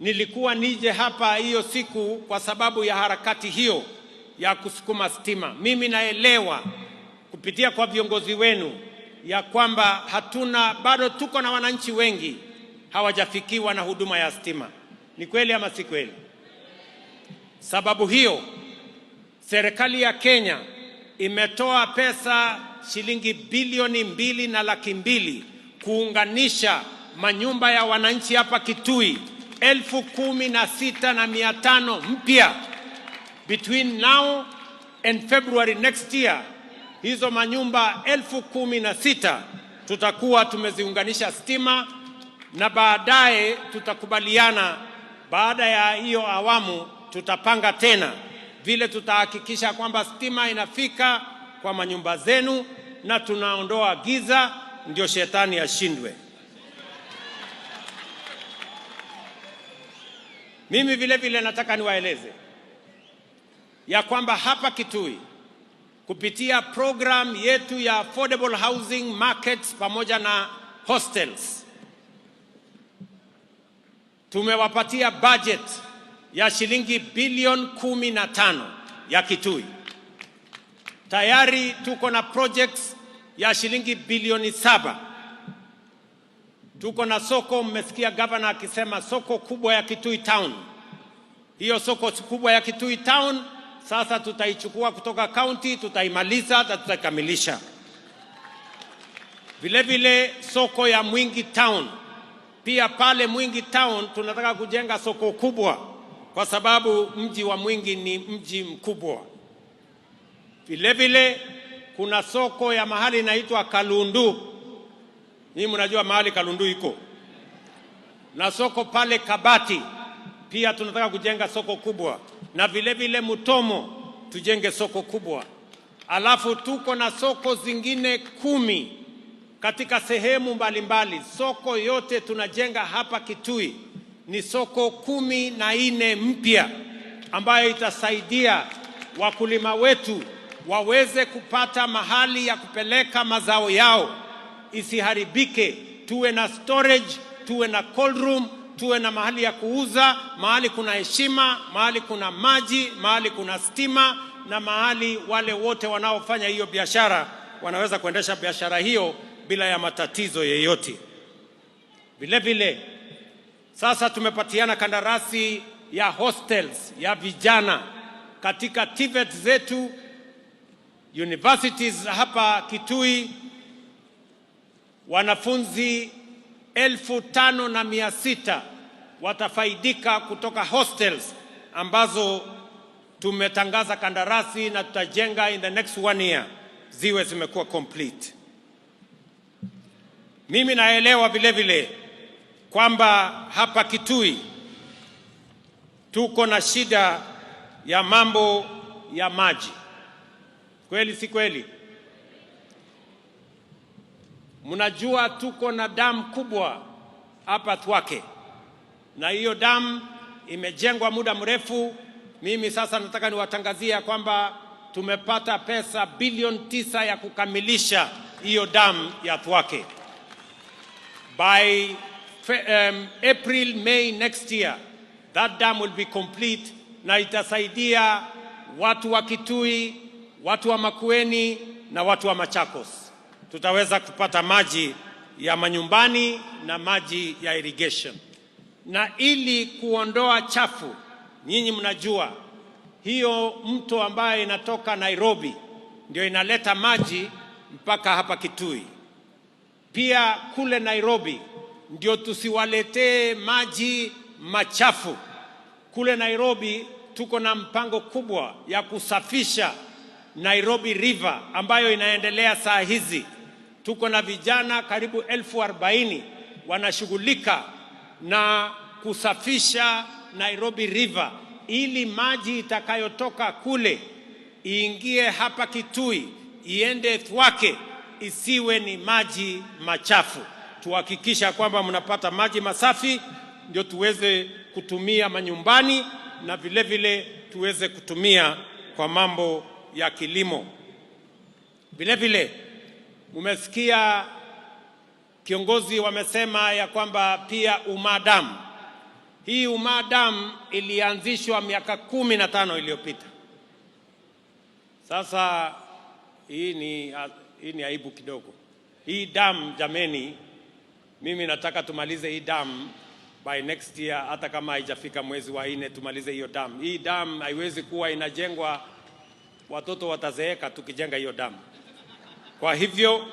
nilikuwa nije hapa hiyo siku kwa sababu ya harakati hiyo ya kusukuma stima. Mimi naelewa kupitia kwa viongozi wenu ya kwamba hatuna bado, tuko na wananchi wengi hawajafikiwa na huduma ya stima. Ni kweli ama si kweli? Sababu hiyo serikali ya Kenya imetoa pesa shilingi bilioni mbili na laki mbili kuunganisha manyumba ya wananchi hapa Kitui elfu kumi na sita na mia tano mpya between now and February next year. Hizo manyumba elfu kumi na sita tutakuwa tumeziunganisha stima, na baadaye tutakubaliana, baada ya hiyo awamu tutapanga tena vile tutahakikisha kwamba stima inafika kwa manyumba zenu na tunaondoa giza, ndio shetani ashindwe. Mimi vile vile nataka niwaeleze ya kwamba hapa Kitui kupitia program yetu ya affordable housing markets pamoja na hostels tumewapatia budget ya shilingi bilioni kumi na tano ya Kitui. Tayari tuko na projects ya shilingi bilioni saba Tuko na soko, mmesikia gavana akisema soko kubwa ya Kitui Town. Hiyo soko kubwa ya Kitui Town sasa tutaichukua kutoka kaunti, tutaimaliza na tutaikamilisha. Vile vile soko ya Mwingi Town, pia pale Mwingi Town tunataka kujenga soko kubwa, kwa sababu mji wa Mwingi ni mji mkubwa. Vile vile kuna soko ya mahali inaitwa Kalundu Nyinyi mnajua mahali Kalundu iko na soko pale Kabati pia tunataka kujenga soko kubwa, na vile vile Mutomo tujenge soko kubwa, alafu tuko na soko zingine kumi katika sehemu mbalimbali mbali. Soko yote tunajenga hapa Kitui ni soko kumi na nne mpya ambayo itasaidia wakulima wetu waweze kupata mahali ya kupeleka mazao yao isiharibike, tuwe na storage, tuwe na cold room, tuwe na mahali ya kuuza, mahali kuna heshima, mahali kuna maji, mahali kuna stima na mahali wale wote wanaofanya hiyo biashara wanaweza kuendesha biashara hiyo bila ya matatizo yeyote. Vile vile sasa tumepatiana kandarasi ya hostels ya vijana katika TVET zetu universities hapa Kitui wanafunzi elfu tano na mia sita watafaidika kutoka hostels ambazo tumetangaza kandarasi na tutajenga in the next one year ziwe zimekuwa complete. Mimi naelewa vile vile kwamba hapa Kitui tuko na shida ya mambo ya maji, kweli si kweli? Mnajua tuko na damu kubwa hapa Thwake, na hiyo damu imejengwa muda mrefu. Mimi sasa nataka niwatangazia kwamba tumepata pesa bilioni tisa ya kukamilisha hiyo damu ya Thwake by um, April May next year that dam will be complete, na itasaidia watu wa Kitui, watu wa Makueni na watu wa Machakos tutaweza kupata maji ya manyumbani na maji ya irrigation. Na ili kuondoa chafu, nyinyi mnajua hiyo mto ambayo inatoka Nairobi ndio inaleta maji mpaka hapa Kitui. Pia kule Nairobi ndio tusiwaletee maji machafu. Kule Nairobi tuko na mpango kubwa ya kusafisha Nairobi River ambayo inaendelea saa hizi. Tuko na vijana karibu elfu arobaini wanashughulika na kusafisha Nairobi River ili maji itakayotoka kule iingie hapa Kitui, iende Thwake, isiwe ni maji machafu. Tuhakikisha kwamba mnapata maji masafi, ndio tuweze kutumia manyumbani na vile vile tuweze kutumia kwa mambo ya kilimo vile vile Mmesikia kiongozi wamesema ya kwamba pia umadam hii umadam ilianzishwa miaka kumi na tano iliyopita. Sasa hii ni, hii ni aibu kidogo. Hii damu jameni, mimi nataka tumalize hii damu by next year, hata kama haijafika mwezi wa nne tumalize hiyo damu. Hii damu haiwezi kuwa inajengwa, watoto watazeeka tukijenga hiyo damu. Kwa hivyo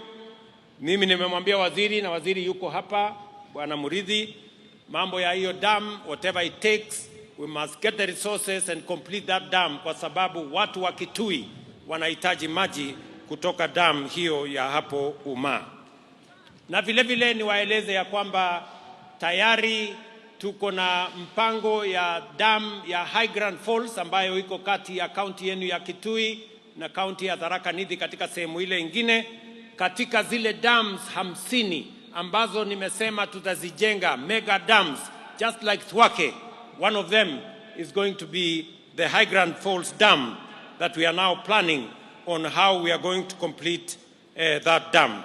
mimi nimemwambia waziri na waziri yuko hapa, Bwana Muridhi, mambo ya hiyo dam, whatever it takes we must get the resources and complete that dam, kwa sababu watu wa Kitui wanahitaji maji kutoka dam hiyo ya hapo Umaa. Na vile vile niwaeleze ya kwamba tayari tuko na mpango ya dam ya High Grand Falls ambayo iko kati ya kaunti yenu ya Kitui na kaunti ya Tharaka Nithi katika sehemu ile ingine, katika zile dams hamsini ambazo nimesema tutazijenga mega dams, just like Thwake, one of them is going to be the High Grand Falls Dam that we are now planning on how we are going to complete uh, that dam.